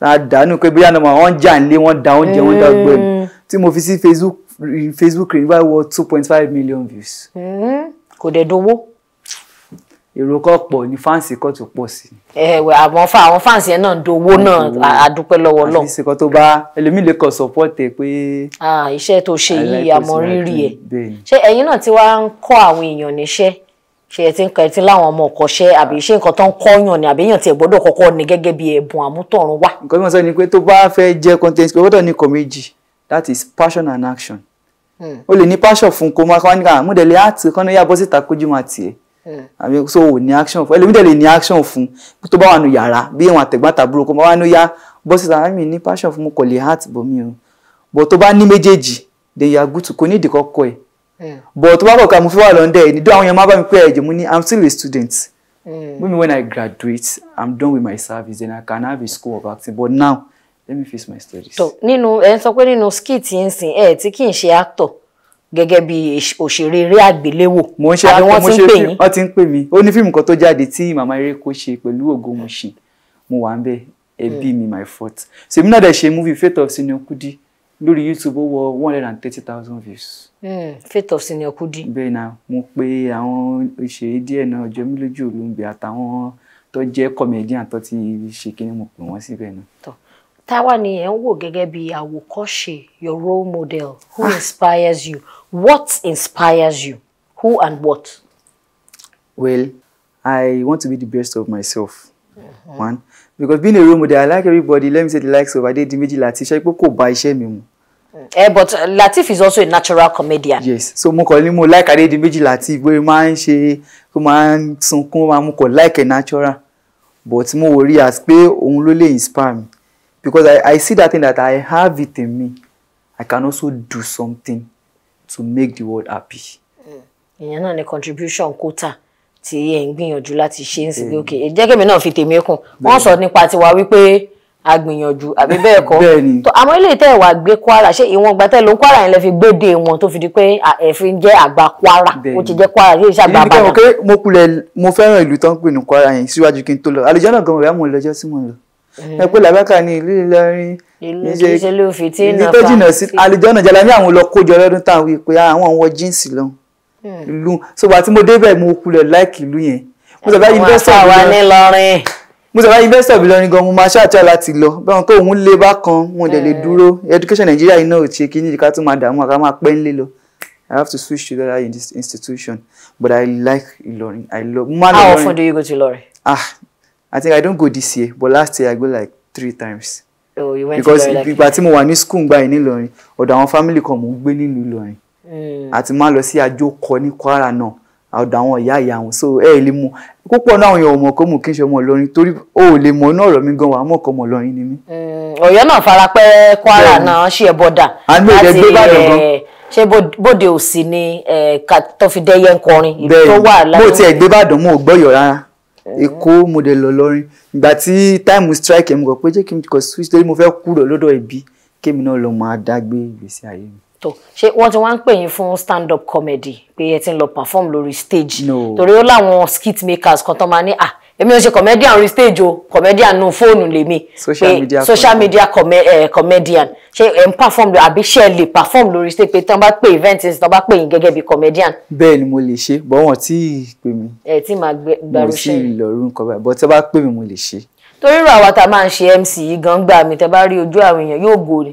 àdánù pé bóyá náà wọn jà ń lé wọn da oúnjẹ wọn dá gbẹ mm. tí mo fi sí facebook facebook rẹ̀ wá wọ two point five million views. Eh, kò dẹ̀ dowó. èrò kan pọ̀ ní fáǹsì kan tó pọ̀ sí. ẹ̀wẹ̀ eh, àwọn fa àwọn fáǹsì yẹn náà ń dowó náà àdúpẹ́ lọ́wọ́ lọ. àfi ìsìnkàn tó bá ẹlòmíì lè kàn support ẹ pé. iṣẹ́ tó ṣe yìí àmọ́ rírì ẹ̀ ṣé ẹ̀yin náà ti wá ń kọ́ àwọn èèyàn níṣẹ́ ṣe ẹ ti ń ka ẹ ti láwọn ọmọ ọkọṣẹ àbí ṣé nǹkan tó ń kọyàn ni àbí èèyàn ti ẹ gbọ́dọ̀ kọ́kọ́ ni gẹ́gẹ́ bí ẹbùn àmútọ̀run wá. nǹkan tí mo sọ ni pé tó bá fẹ́ jẹ́ content creator ní kọ méjì that is passion and action Hmm. o lè ní passion fún kó máa kọ́ nígbà múdẹ̀lẹ̀ àti kọ́nà yà bọ́ síta kójú máa tiẹ̀ hmm. àbí so ò ní action fún ẹlòmídẹ̀ lè ní action fún tó bá wà nù yàrá bí ìwọ̀n àtẹ̀gbọ́n àtàbúrò kó máa wà nù yá bọ́ síta àmì ní passion fún mo kò lè heart bọ̀ mí o bọ̀ tó bá ní méjèèjì then you are good to kò ní ìdíkọ́ kọ́ ẹ̀ hmm. bọ̀ tó bá kọ̀ ká mo fi wà lọ́ndẹ̀ ẹ̀ nídó àwọn yẹn má mi pẹ́ ẹ̀jẹ̀ mo ní I'm still a student mm. when I graduate I'm done with my service and I can have a school of acting but now let me face my studies. So, nínú ẹ ń sọ pé nínú skit ń sìn ẹ tí kì í ṣe actor gẹ́gẹ́ bí òṣèré eré àgbéléwò mo ń ṣe àbí wọ́n ti ń pè yín wọ́n ti ń pè mí ó ní fíìmù kan tó jáde tí màmá mo wà ń bẹ ẹbí hmm. mi my fault sèmi náà dẹ̀ ṣe movie Fate of Senior Kudi lórí YouTube ó wọ one hundred and thirty thousand views. Mm, Fate of Senior Kudi. bẹ́ẹ̀ náà mo pe àwọn òṣèré díẹ̀ náà jọ mí lójú Olóńgbé àtàwọn tó jẹ́ comedian tó ti ṣe kí ni mo pè wọ́n síbẹ̀ náà táwa ni ẹ̀ ń wò gẹ́gẹ́ bí àwòkọ́ṣe your role model who ah. inspires you what inspires you who and what. well i want to be the best of myself mm-hmm. one because being a role model i like everybody let me say the likes of Adedimeji Lateef ṣe pé kò bá iṣẹ́ mi mu. Mm. Eh, but uh, Lateef is also a natural comedian. Yes, so mo kàn ní mo like Adedimeji Lateef bóyá máa ń ṣe kó máa ń sunkún máa mú kàn like a natural but mo wò rí as pé òun ló lè inspire me because I, I see that thing that I have it in me. I can also do something to make the world happy. Mm. Ìyẹn náà ni contribution quota tí ẹ̀ ń gbìyànjú láti ṣe ń sìn pé mm. ok jẹ́ kèmi náà fi tèmi kún. Wọ́n sọ nípa tiwa wípé a gbìyànjú àbí bẹ́ẹ̀ kọ́. Bẹ́ẹ̀ni. Tó àmọ́ ilé ìtẹ́ ìwà gbé Kwara ṣé ìwọ̀n ìgbà tẹ́ ló ń Kwara yẹn lẹ fi gbéde wọn tó fi di pé ẹ fi ń jẹ́ àgbà Kwara. Bẹ́ẹ̀ni. Ó ti jẹ́ Kwara yóò ṣe àgbà bàbá. Mo fẹ́ràn ìlú tán pè ní Kwara yẹn síwájú kí n tó lọ. Àlùjọ́ náà gan-an rẹ̀ á mọ̀ lọ́jọ́ sí mò lọ ẹ làbákà ní ìlú Ìlọrin ìṣèlú fìtínà pa ìtọ́jìnà sí àlìjọ́nà Jàlámì àwọn lọ lọ́dún táwọn wí àwọn wọ jíǹsì lọ hmm. ìlú ṣùgbọ́n àti mo débẹ̀ mo kulẹ̀ láìkì ìlú yẹn mo sọ báyìí bẹ́ẹ̀ sọ wà gan mo máa ṣáàtì láti lọ báwọn pé òun lé bákan wọn dẹ̀ lè hmm. dúró education Nigeria iná ò ṣe kí ní ìdíkà tó máa dààmú àká máa pẹ́ nílé lọ I have to switch to that institution but I like Ìlọrin I love. how often do you go to Ìlọrin. ah I think I don't go this year, but last year I go like three times. Oh, you went because ìgbà tí mo wà ní school ngbà yìí nílọrin ọ̀dọ̀ àwọn family kan mò ń gbé nílùú Ìlọrin àti hmm. máa lọ sí àjọkọ ní Kwara náà ọ̀dọ̀ àwọn ìyá ìyá wọn so ẹ lè mú púpọ̀ náà àwọn èèyàn ọmọ kó mú kí n ṣe ọmọ Ìlọrin torí o ò lè mọ inú ọ̀rọ̀ mi gan wà á mọ̀ kọ́ ọmọ Ìlọrin ni mí. Hmm. Ọ̀yọ́ náà farapẹ́ Kwara náà ṣe é bọ́dà láti eh, ṣe bóde òsì ni eh, tó fi dẹ́yẹ ń kọrin ìlú tó wà láyé. bẹ́ẹ̀ mo tiẹ̀ gbé Ìbàdàn mo Èkó mo dẹ̀ lọ lọ́rin ìgbà tí táìmù strike ẹ̀ mo kọ̀ pé jẹ́ kí n kọ̀ switch torí mo fẹ́ kúrò lọ́dọ̀ ẹbí kémi náà lọ máa dágbé ìgbésí ayé mi. tó ṣé wọ́n ti wá ń pè yín fún stand up comedy pé ẹ ti ń lọ perform lórí stage torí ó láwọn skit makers kan tó máa ní ah Emi ò ṣe comedian on stage o comedian nu fóònù lèmi social eh, media social media eh, comedian ṣe ẹ ń perform àbí ṣe lè perform lórí stage pe tí wọn bá pè event tí wọn bá pè yín gẹ́gẹ́ bí comedian. bẹ́ẹ̀ ni mo lè ṣe bọ́wọ́n tí ì pè mí. ẹ tí màá gbàrú ṣe mo sì lọ rú nǹkan báyìí bọ́ mo lè ṣe torí rò àwa tá a máa ń ṣe mc yìí gan gbà mí tẹ bá rí ojú àwọn èèyàn yóò gòrè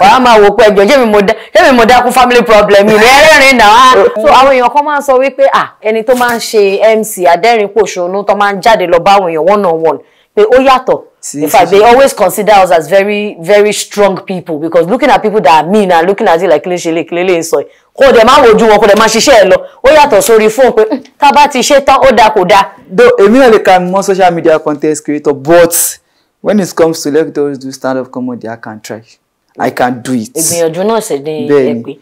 wàá máa wò pé ẹjọ jẹ́mi mo dákú family problem yìí rẹ rẹ́rìn náà ah, so àwọn èèyàn kan máa ń sọ wípé ah ẹni tó máa ń ṣe mc adẹ́rìn pòṣónú tó máa ń jáde lọ bá àwọn èèyàn one on one pé ó yàtọ̀ See, in fact, see, they always consider us as very, very strong people because looking at people that are mean and looking at it like clearly, lele soy. Kò dẹ̀ máa wojú wọn, kò dẹ̀ máa ṣiṣẹ́ ẹ̀ lọ. Ó yàtọ̀ sórí fóun pé mm, tá a bá ti ṣe tán ó dáa kò dáa. Though èmi náà lè ka mọ́ social media content creator but when it comes to let those do stand up comedy I can try. I can do it. Ìgbìyànjú náà ṣe ní ẹ̀pẹ́.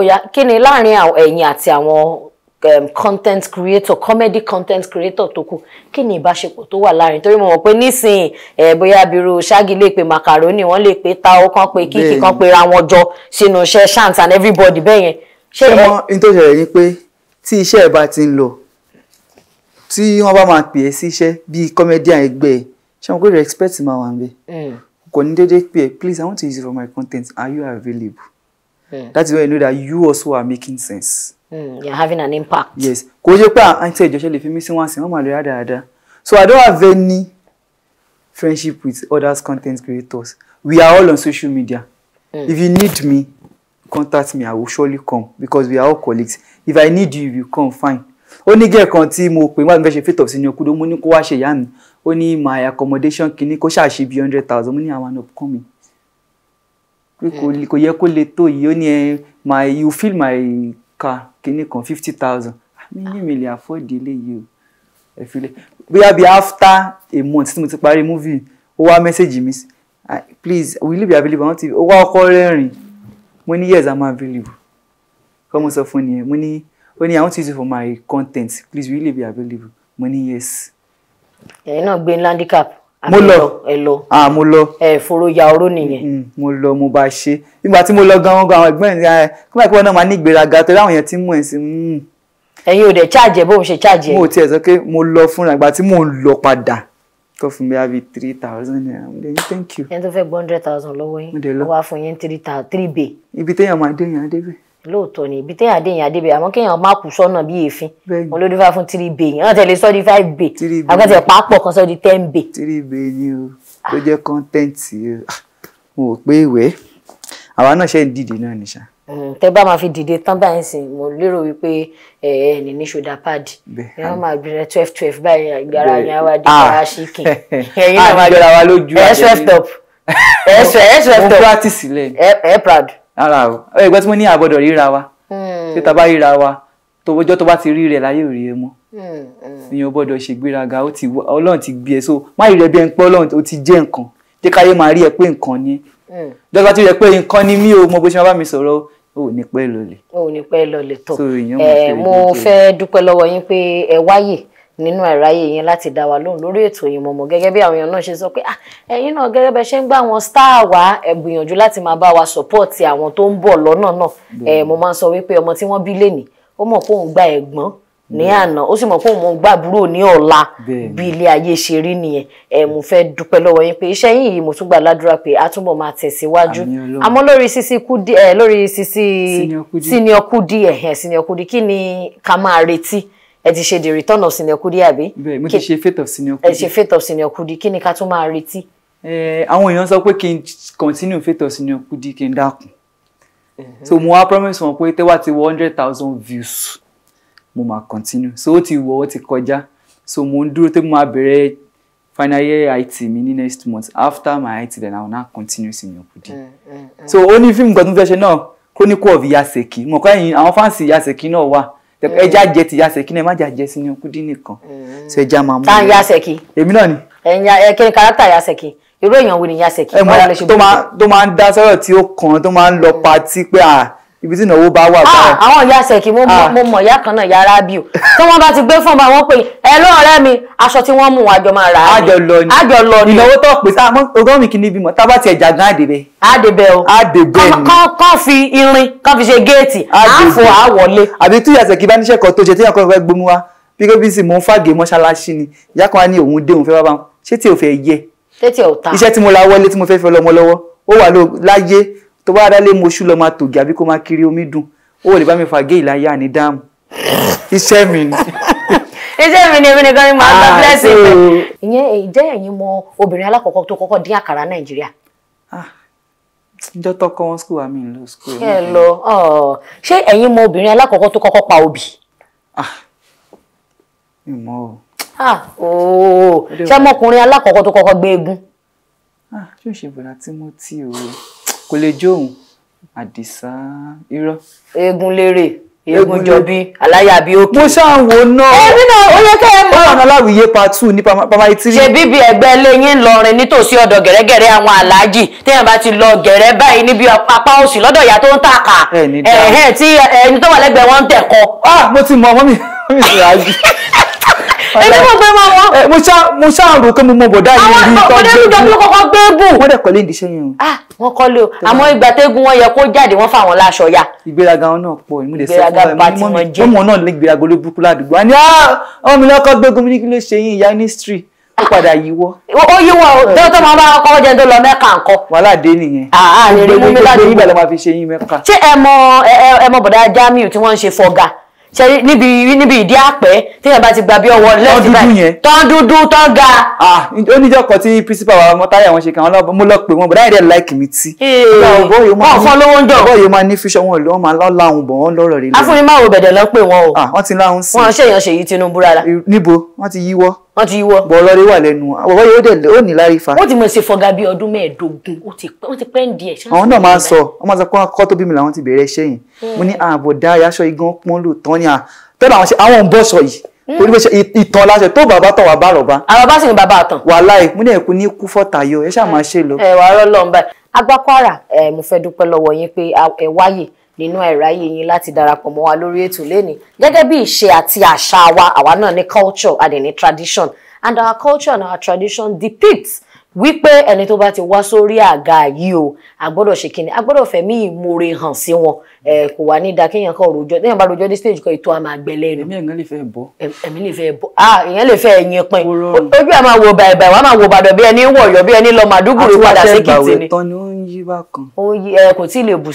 Ọ̀yà kí ni láàárín ẹ̀yin àti àwọn um, content creator comedy content creator tó kù kí ni ìbáṣepọ̀ tó wà láàrin torí mo mọ̀ pé nísìnyí ẹ̀ bóyá abiru ṣáàgì lè pe macaroni wọ́n lè pe tao kan pe kíkì kan pera wọn jọ sínú iṣẹ́ shant and everybody bẹ́ẹ̀ yẹn. ṣé ẹ mọ n tó ṣẹlẹ̀ ni pé tí iṣẹ́ ẹ bá ti ń lọ tí wọ́n bá máa pè é sí iṣẹ́ bíi comedian ẹgbẹ́ ẹ ṣé wọn kò rí expect máa wà níbẹ̀ hmm. kò ní déédéé pé please i want to use it for my content are you available mm. that is when I know that you also are making sense. Mm, you're having an impact. Yes. Kò jẹ́ pé àǹtí ìjọ ṣe lè fi mí sí wọn sí wọn mà lórí àdáadáa. So I don't have any friendship with others content creators. We are all on social media. Mm. If you need me, contact me. I will surely come because we are all colleagues. If I need you, you come fine. Ó ní gẹ́ẹ̀ kan tí mo pè wá ní fẹ́ ṣe fit-up sí ní mo ní kó wá ṣe ìyá mi. Ó ní my accommodation kini kó ṣàṣe bíi hundred thousand, mo ní àwọn upcoming pé hmm. kò yẹ kó le tó yìí ó ní eh, my you feel my car kinní kan fifty thousand ah, mi ní mi lè afford eléyìí o ẹ fi lè bóyá bí after a month tí mo ti parí movie ó wá message mi ah, please will you be available on tv ó wá ọkọ rẹ́rìn mo ní yes i'm available kọ́ mo sọ fún nìyẹn mo ní ó ní i want to use it for my content please will you be available mo ní yes. ẹ̀yin náà gbé landicap mo lọ ẹ ah mo lọ ẹ ya oró nìyẹn mm, mo lọ mo bá ṣe nígbà tí mo lọ gan gan àwọn ẹ̀gbọ́n ẹ eh, kí wọn kí wọn náà máa ní ìgbéraga torí àwọn èèyàn tí mú ẹ sí mú. Mm. ẹ̀yin ò dẹ charge bóun ṣe charge. mo tiẹ̀ sọ pé mo lọ fúnra ìgbà tí mo lọ padà tó fún mi àbí three thousand naira mo dẹ̀ ní thank you. ẹni tó fẹ́ gbọ́ hundred thousand lọ́wọ́ yín wọ́n wá fún yín three bay. ibi téèyàn máa dé yàn á débẹ̀ lóòótọ́ ni ibi téèyàn adéyàn adébẹ̀ àmọ́ kéèyàn má kú sọ́nà bí èéfín wọn ló dífá fún tírí bèè yẹn wọn tẹ̀lé sọ́ di five bèè àwọn tẹ̀ pàápọ̀ kan sọ́ di ten bèè. tírí bèè ni o tó jẹ́ kọ́ńtẹ́ǹtì o mo rò pé ìwé àwa náà ṣe ń dìde náà ní sá. Mm, tẹ bá máa fi dìde tán báyìí sìn mo lérò wípé ẹ ẹ ní ní ṣòdà páàdì ẹ wọn máa gbìyànjú twelve twelve báyìí àgbàrá yẹn wá di ah. ara ṣíkì ẹyin náà ah, máa jọra wa lójú ẹ ẹ ẹ ẹ ẹ ẹ ẹ ẹ ẹ ẹ ẹ ẹ ẹ rárá o ẹgbẹ́ tí mo ní àgbọ̀dọ̀ ríra wa hmm. tí ta bá ríra wa tọwọ́jọ́ tó bá ti rí rẹ̀ láyé ò rí ẹ mọ́ hmm, hmm. ìyẹn o gbọ́dọ̀ ṣègbéraga ọlọ́run ti gbé ẹ so má rí rẹ bí ẹ ń pẹ́ ọlọ́run ó ti jẹ́ nǹkan jẹ́ káyé máa rí ẹ pé nǹkan ni dọ́gba ti rẹ pé nǹkan ni mí o mo bó ṣe máa bá mi sọ̀rọ̀ o ò ní pẹ́ lọlẹ̀. o ò ní pẹ́ lọlẹ̀ tọ̀ mo fẹ́ dúpẹ́ lọ́wọ́ yín pé ẹ wáyè nínú àìráyè yẹn láti dá wa lóhùn lórí ètò Oyinmomo gẹ́gẹ́ bí àwọn èèyàn náà ṣe sọ pé ah, ẹ̀yin náà gẹ́gẹ́ bẹ ṣe ń gbà wọn star wa ẹ láti máa bá wa support àwọn tó ń bọ̀ lọ́nà náà ẹ eh, mo máa ń sọ wípé ọmọ tí wọ́n bí lénìí ó mọ̀ pé òun gba ẹ̀gbọ́n ní àná ó sì mọ̀ pé òun gba àbúrò ní ọ̀la bí ilé ayé ṣe rí nìyẹn ẹ eh, mo fẹ́ dúpẹ́ lọ́wọ́ yín pé iṣẹ́ yín yìí mo tún gbà ládùúrà pé a túbọ̀ máa tẹ̀síwájú àmọ́ lórí Sisi Kudi ẹ eh, lórí Sisi Senior Kudi ẹ̀hẹ̀ Senior Kudi kí ni ká máa retí ẹ ti ṣe the return of Senior Kudi àbí. bẹ́ẹ̀ mo ti ṣe fate of Senior Kudi. ẹ ṣe fate of Senior Kudi kí ni ká tún máa retí. àwọn èèyàn sọ pé kí n continue fate of Senior Kudi kí n dákun so mo wá promise wọn pé tẹ́wà ti wọ hundred thousand views mo máa continue so ó ti wọ ó ti kọjá so mo ń dúró tẹ́ mo máa bẹ̀rẹ̀ final year IT mi ní next month after my IT then I will now continue Senior Kudi. so ó ní fíìmù kan tó fẹ́ ṣe náà chronicle of Yaseki mo kọ́ ẹ̀yìn àwọn fáǹsì Yaseki náà wà ẹja jẹ ti yasẹki náà ẹ má jà jẹ sínú kúdí nìkan sọ mm. ẹja máa mú. tá à ń yasẹki. èmi náà ni. ẹ̀yin ẹ̀kẹ́ni kárátà yasẹki irú èèyàn wo ni yasẹki. ẹ mọ tó máa ń dá sọ́rọ̀ tí ó kàn tó máa ń lọ mm. patí pé à ibi tí ìnáwó bá wà báyìí. Ah, àwọn ìyá sẹ̀kì mo mọ̀ ah. ìyá kan náà yàrá bí o tí wọ́n bá ti gbé fún ọba wọn pé ẹ ló ọ̀rẹ́ mi aṣọ tí wọ́n mú wọn àjọ máa rà á ni àjọ lọ ni ìnáwó tó pè tá ọgọ́ mi kì í níbi mọ̀ tá bá ti ẹ̀jà gan àdèbẹ̀. àdèbẹ̀ o àdèbẹ̀ ni kán fi irin kán fi ṣe géètì àfọ àwọlé. àbí tí ìyá sẹ̀kì bá níṣẹ́ kan tó ṣe téèyàn kan fẹ́ gbómú wa bí kébí sì mò ń ni ìyá kan á ní òun dé òun fẹ́ bá wọn ṣé tí ò fẹ́ yẹ iṣẹ́ tí mo la wọlé tí mo fẹ́ fi ọlọ́mọ lọ́wọ́ ó tó bá dálé moṣú lọ máa tògì àbí kó máa kiri omi dùn ó lè bá mi fà gé ìláyà ní dáàmú iṣẹ́ mi ni. iṣẹ́ mi ni èmi nìkan ni màá gbọ́ ah, blessing. ìyẹn ìjẹ́ ẹ̀yin mọ obìnrin alákọ̀ọ́kọ́ tó kọ́kọ́ dín àkàrà nàìjíríà. njọ́ ah, tọkọ wọn school àmì lọ school. ṣé ẹ lọ ṣé ẹ̀yin mọ obìnrin alákọ̀ọ́kọ́ tó kọ́kọ́ pa obì. ìmọ̀ ah, o. Oh. ṣé ọmọkùnrin alákọ̀ọ́kọ́ tó kọ́kọ́ gbé eégún. ṣé ò ṣe bọ̀dá Timothy o kò lè jó òun àdìsá irọ́. eégún lérè eégún jọbí aláyàbí òkè. mo ṣáà wò náà. ẹbí náà ó yẹ kẹ́ ẹ mọ̀. báwọn aláwìyé pa two ní pamari three. ṣe bíbi ẹgbẹ́ lẹ́yìn ńlọrin nítòsí ọ̀dọ̀ gẹ̀rẹ́gẹ̀rẹ́ àwọn aláàjì téèyàn bá ti lọ gẹ̀rẹ́ báyìí níbi apá òsì lọ́dọ̀ ìyá tó ń tàkà. ẹ̀hẹ́n tí ẹni tó wà lẹ́gbẹ̀ẹ́ wọn ń tẹ̀kọ. ah mo ti mọ ọmọ mi mi ti rà jù èmi mo gbé wọn wọ. mo ṣá mo ṣá rò pé mo mọ bọ̀dá yìí rí tọ́jú ojú. àwọn ọmọdé kọ́kọ́ gbé bù. wọ́n dẹ̀ kọ́lé ìdíṣẹ́ yẹn o. ah wọ́n kọ́lé o àmọ́ ìgbà tẹ́gun wọn yẹ kó jáde wọ́n fà wọn láṣọ ya. ìgbéraga wọn náà pọ̀ ìmúlẹ̀ sẹ́fún ọmọ ọmọ náà lé ìgbéraga olóbùkún ládùúgbò àní ah, ọmọ mi lọ́kọ́ gbégun mi ní kí ló ṣe yín ìyá ministry ó padà yíwọ́. ó yíwọ́ o tí ó tó máa bá ọkọ jẹ tó lọ mẹ́ka nǹkan. wàhálà dé nìyẹn. àà lè rí mú mi láti. gbogbo ìgbà ló máa fi ṣe yín mẹ́ka. ṣé ẹ mọ ẹ mọ bọ̀dá Jamiu tí wọ́n ń ṣe fọ́gà ṣe níbi níbi ìdí àpẹ téèyàn bá ti gba bí ọwọ́ lẹsí báyìí tán dúdú tán ga. Ah, ó níjọ́ kan tí principal wa ọmọ táyà wọn ṣe kàn án lọ́bọ̀ mo lọ pè wọn bọ̀dá ìdẹ́ láìkì mi tí. ọ̀ fọ́n lówó ń dọ̀. bọ́ọ̀ yóò máa ní fíṣọ wọn ló máa lọ́ọ́ láhùn bọ̀ wọ́n lọ́rọ̀ rẹ̀ lẹ́yìn. afúnimáwo bẹ̀dẹ̀ lọ pé wọn o. Ah, wọ́n ti láhùn sí. wọ́n ṣèyàn ṣèyí Tinubu rárá. níbo wọ́n ti yíwọ́ wọ́n ti yíwọ́. bọ̀ ọlọ́rẹ́ wà lẹ́nu àwọ̀wọ́ yóò dẹ̀ ó ní lárí fa. wọ́n ti mọ̀ ṣe fọ̀gá bíi ọdún mẹ́ẹ̀ẹ́dógún ó ti pẹ́ ń di ẹ̀. àwọn náà máa ń sọ wọ́n máa sọ pé kọ́ tó bí mi làwọn ti bẹ̀rẹ̀ iṣẹ́ yìí hmm. mo ní ààbò dá aṣọ igan pọ́n lò tán ni tẹ́lẹ̀ àwọn ṣe àwọn ò ń bọ́ sọ yìí hmm. torí pé ìtàn láṣẹ tó bàbá tàn wà bá rọ̀bá. àwọn bá sì ní bàbá àtàn. wàláì mo ní ẹ̀kú ní kú fọ́tà yọ ẹ ṣáà máa ṣe lọ. ẹ wàá rọ́ lọ́nba agbákwara mo fẹ́ dúpẹ́ lọ́wọ́ yín pé ẹ wáyè nínú àìráyè yín láti darapọ̀ mọ́ wa lórí ètò lẹ́ni gẹ́gẹ́ bí ìṣe àti àṣà wa àwa náà ní culture and ní tradition and our culture and our tradition depicts wípé ẹni tó bá ti wá sórí àga yìí o a gbọ́dọ̀ ṣe kíni a gbọ́dọ̀ fẹ̀mí ìmoore hàn sí wọn ẹ kò wá ní dákéèyàn kan rojọ́ téèyàn bá rojọ́ ní stage kan ètò àmà àgbẹ̀lẹ̀ rẹ̀. èmi ẹ̀gán lè fẹ́ bọ́. èmi lè fẹ́ bọ́ ah èèyàn lè fẹ́ ẹ̀yìn pin ojú àmà wo bàìbà wàá máa wo bàdàn bí ẹni wọ̀yọ́ bí ẹni lọ màdúgùrú padà sí kìtì ni. kò tí ì lè bù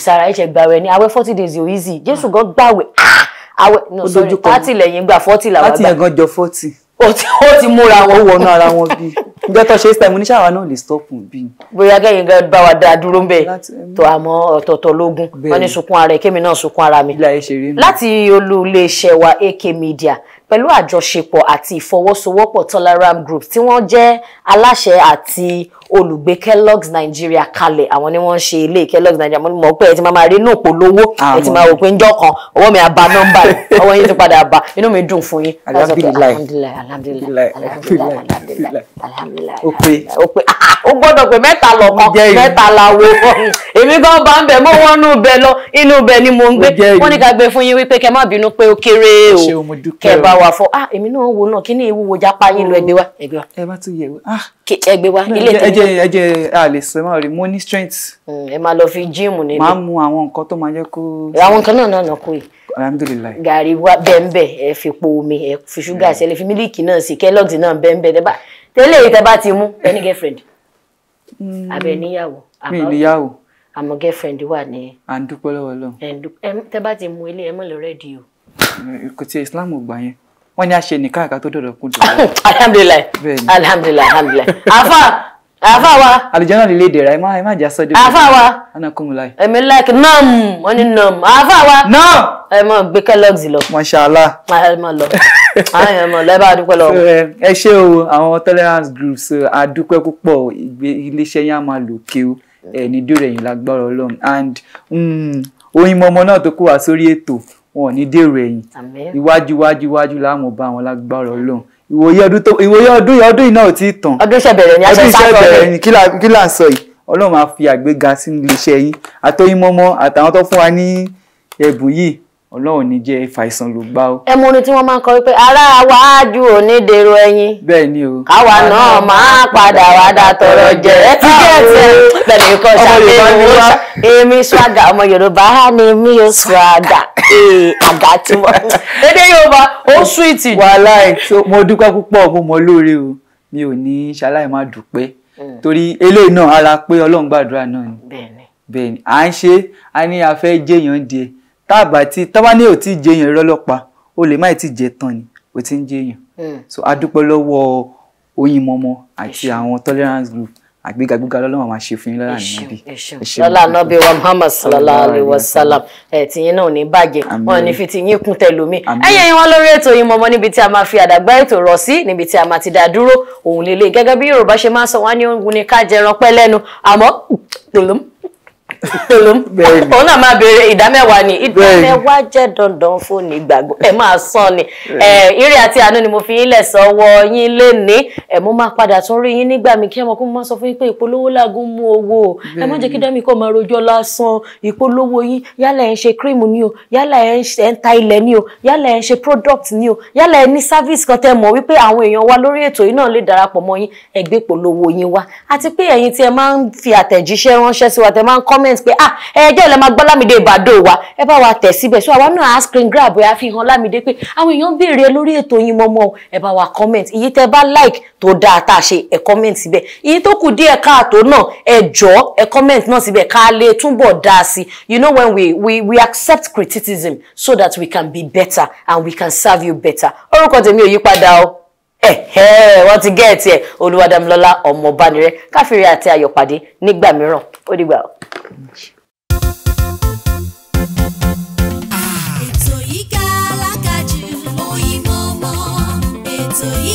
ni àwẹ̀ forty days yóò easy jésù gan gbàwẹ̀ ah àwẹ̀ no sorry thirty lẹ́yìn gbà forty làwọn gbà. láti ẹ̀gán jọ forty. ó ti múra wọn wọnú ǹjẹ́ tó ṣe stem oníṣẹ́ àwa náà lè stop bí. bóyá kẹ́yìn gan bá wa dá dúró ń bẹ̀ tó àmọ́ ọ̀tọ̀ọ̀tọ̀ lógún wọn ní sunkún ara ẹ̀ kémi náà sunkún ara mi. láti olú iléeṣẹ́ wa AK Media pẹ̀lú àjọṣepọ̀ àti ìfọwọ́sowọ́pọ̀ Toleram Group tí wọ́n jẹ́ aláṣẹ àti olùgbé Kellogg's Nigeria kalẹ̀ àwọn ni wọ́n ń ṣe ilé Kellogg's Nigeria mo mọ̀ pé ẹ ti máa máa rí inú òpólówó ẹ ti máa wò pé njọ́ kan ọwọ́ mi àbá nọ́mbà yìí ọwọ́ yín ti padà bá inú mi dùn fún yín. alhamdulilayi alhamdulilayi alhamdulilayi alhamdulilayi o pe o pe o gbọ́dọ̀ pé mẹ́ta lọkọ mẹ́ta lawo èmi gan bá ń bẹ mo wọn nú bẹ lọ inú bẹ ni mo ń gbé wọ́n ní ká gbé fún yín wípé kẹ má bínú pé ó kéré o kẹ bá wà fọ ah èmi náà wo náà kí ni ìwúwo jápá yín lọ ẹgbẹ́ wa ah. ẹgbẹ́ wa ẹ wa ilé ìtẹ ẹ̀jẹ̀ ẹ̀jẹ̀ a lè sọ máa rí mo ní strength. Mm, ẹ máa lọ fi jíìmù nílé. máa mu àwọn nǹkan tó máa jẹ́ kó. àwọn nǹkan náà náà nà kó yìí alhamdulilayi. gàrí wa bẹ́ẹ̀nbẹ́ ẹ fi po omi ẹ fi ṣúgà sí ẹ lè fi mílíkì náà sí kellogg's náà bẹ́ẹ̀nbẹ́ tẹ́ tẹ́lẹ̀ yìí tẹ́ bá ti mú ẹni girlfriend. abẹ mm. níyàwó. mi níyàwó. àmọ́ girlfriend wà ní. à ń dúpẹ́ lọ́wọ́ lọ́wọ́. tẹ́ bá ti mú ilé ẹ mọ̀ lọ rẹ́dí o. kò tí islam ò gbà yẹn wọ́n ní a ṣe nìkan àká dọ̀dọ̀ kú dùn. alhamdulilayi alhamdulilayi alhamdulilayi afa Afa wa. Alijana lè dèrà ẹ má ẹ má jà sọdọ. wa. ana kún mi láì. like nam wọn ni Afa wa. No. ẹ mọ gbé kellogg's lọ. mashallah. ẹ mọ lọ àwọn ẹ mọ lọ ẹ bá dúpẹ́ lọ. ẹ ṣé o àwọn tolerance groups a dúpẹ́ púpọ̀ iléeṣẹ́ yẹn á máa lò ké o ẹni dúró ẹ̀yìn lágbára Ọlọ́run and hmm, oyin mọmọ náà tó kó wá sórí ètò wọn ò ní dèrò ẹ̀yìn iwájú iwájú iwájú láwọn bá wọn lágbára Ọlọ́run ìwòye ọdún tó ìwòye ọdún ọdún iná ò tí ì tàn ọdún iṣẹ́ bẹ̀rẹ̀ ni ọdún iṣẹ́ bẹ̀rẹ̀ ni kí là ń sọ yìí Ọlọ́run máa fi àgbéga sínú iṣẹ́ yín àtọyín mọmọ àtàwọn tó fún wa ní ẹ̀bùn yìí ọlọ́run ní jẹ́ fàìsàn ló gbá ó. ẹ ni tí wọ́n máa ń kọ wípé ará wáájú òní dèrò ẹyin. bẹ́ẹ̀ o. káwa náà máa padà wá dá tọrọ jẹ. ẹ ti jẹ́ ẹ̀sẹ̀ pẹ̀lú ikọ̀ ṣàlẹ́ ìwọ èmi ṣúàgà ọmọ yorùbá ni mi swaga. ṣúàgà àgà tí mo. dédé yorùbá ó súwìtì. wàhálà ẹ mo dúpẹ́ púpọ̀ mo mọ lóore o mi ò ní ṣaláì má dúpẹ́ hmm. torí eléyìí náà ara pé ọlọ́run gbàdúrà náà ni bẹ́ẹ̀ ni à ń ṣe a ní a fẹ́ jẹ́yàn díẹ̀ táàbà tí tọ́wá ní ò tí ì jẹyàn ìrọ́lọ́pàá o lè má ti jẹ tán ni o ti ń jẹyàn hmm. so a dúpẹ́ lọ́wọ́ Oyinmomo àti àwọn tolerance group àgbégagbéga lọ́lọ́wọ́ máa ṣe fún yín lọ́la níbi. lọ́la nọ́bí wa muhammad sallallahu alayhi wa sallam ẹ̀tìyín náà ní bàjẹ́ wọn ní fi tiyín kún tẹlómi. ẹyẹ yín wọn lórí ètò Oyinmomo níbi tí a máa fi àdàgbà ètò rọ̀ sí níbi tí a máa ti dá dúró òun lélẹ̀ gẹ́gẹ́ bí yorùbá ṣe máa sọ wá ní òun ni ká jẹran pẹ́ lẹ́nu àmọ́ tòlómù òun náà máa béèrè ìdámẹ́wàá ni ìdámẹ́wàá jẹ́ dandan fóònù ìgbàgbọ́ ẹ máa san ni ire àti àánú ni mo fi yín lẹ̀ sọ́wọ́ yín lénìí ẹ mo máa padà tún rí yín nígbà mi kí ẹ mọ̀ kó mo máa sọ fún yín pé ìpolówó làágùn mú owó ẹ má jẹ́ kí dẹ́mi kọ́ máa rojọ́ lásán ìpolówó yín yálà ẹ̀ ń ṣe kírìmù ni o yálà ẹ̀ ń ta ilẹ̀ ni o yálà ẹ̀ ń ṣe product ni o yálà ẹ̀ ní service kan tẹ́ mọ̀ wípé àwọn èèyàn wa lórí ètò yìí náà lè darapọ̀ mọ́ yín ẹ gbé ìpolówó yín wá àti pé ẹ̀yin tí ẹ sense pé ah ẹjẹ́ ìlẹ̀ máa gbọ́ Lámìdé ìbàdó wa ẹ bá wa tẹ̀ síbẹ̀ so àwa náà screen grab ẹ̀ àfihàn Lámìdé pé àwọn èèyàn béèrè lórí ètò yín mọ́mọ́ ẹ bá wa comment èyí te ba like tó dáa tá a ṣe ẹ comment síbẹ̀ to tó kù ka to náà e jọ̀ọ́ e comment náà síbẹ̀ ká lè túbọ̀ dáa sí you know when we we we accept criticism so that we can be better and we can serve you better orúkọ tèmi ò yípadà o ẹ̀hẹ́ wọ́n ti gẹ́ẹ̀tì ẹ̀ Olúwadámilọ́lá ọmọ Ọbanirẹ́ káfíńrẹ́ àti ayọ̀pàdé nígbà mìíràn ó dìgbà o.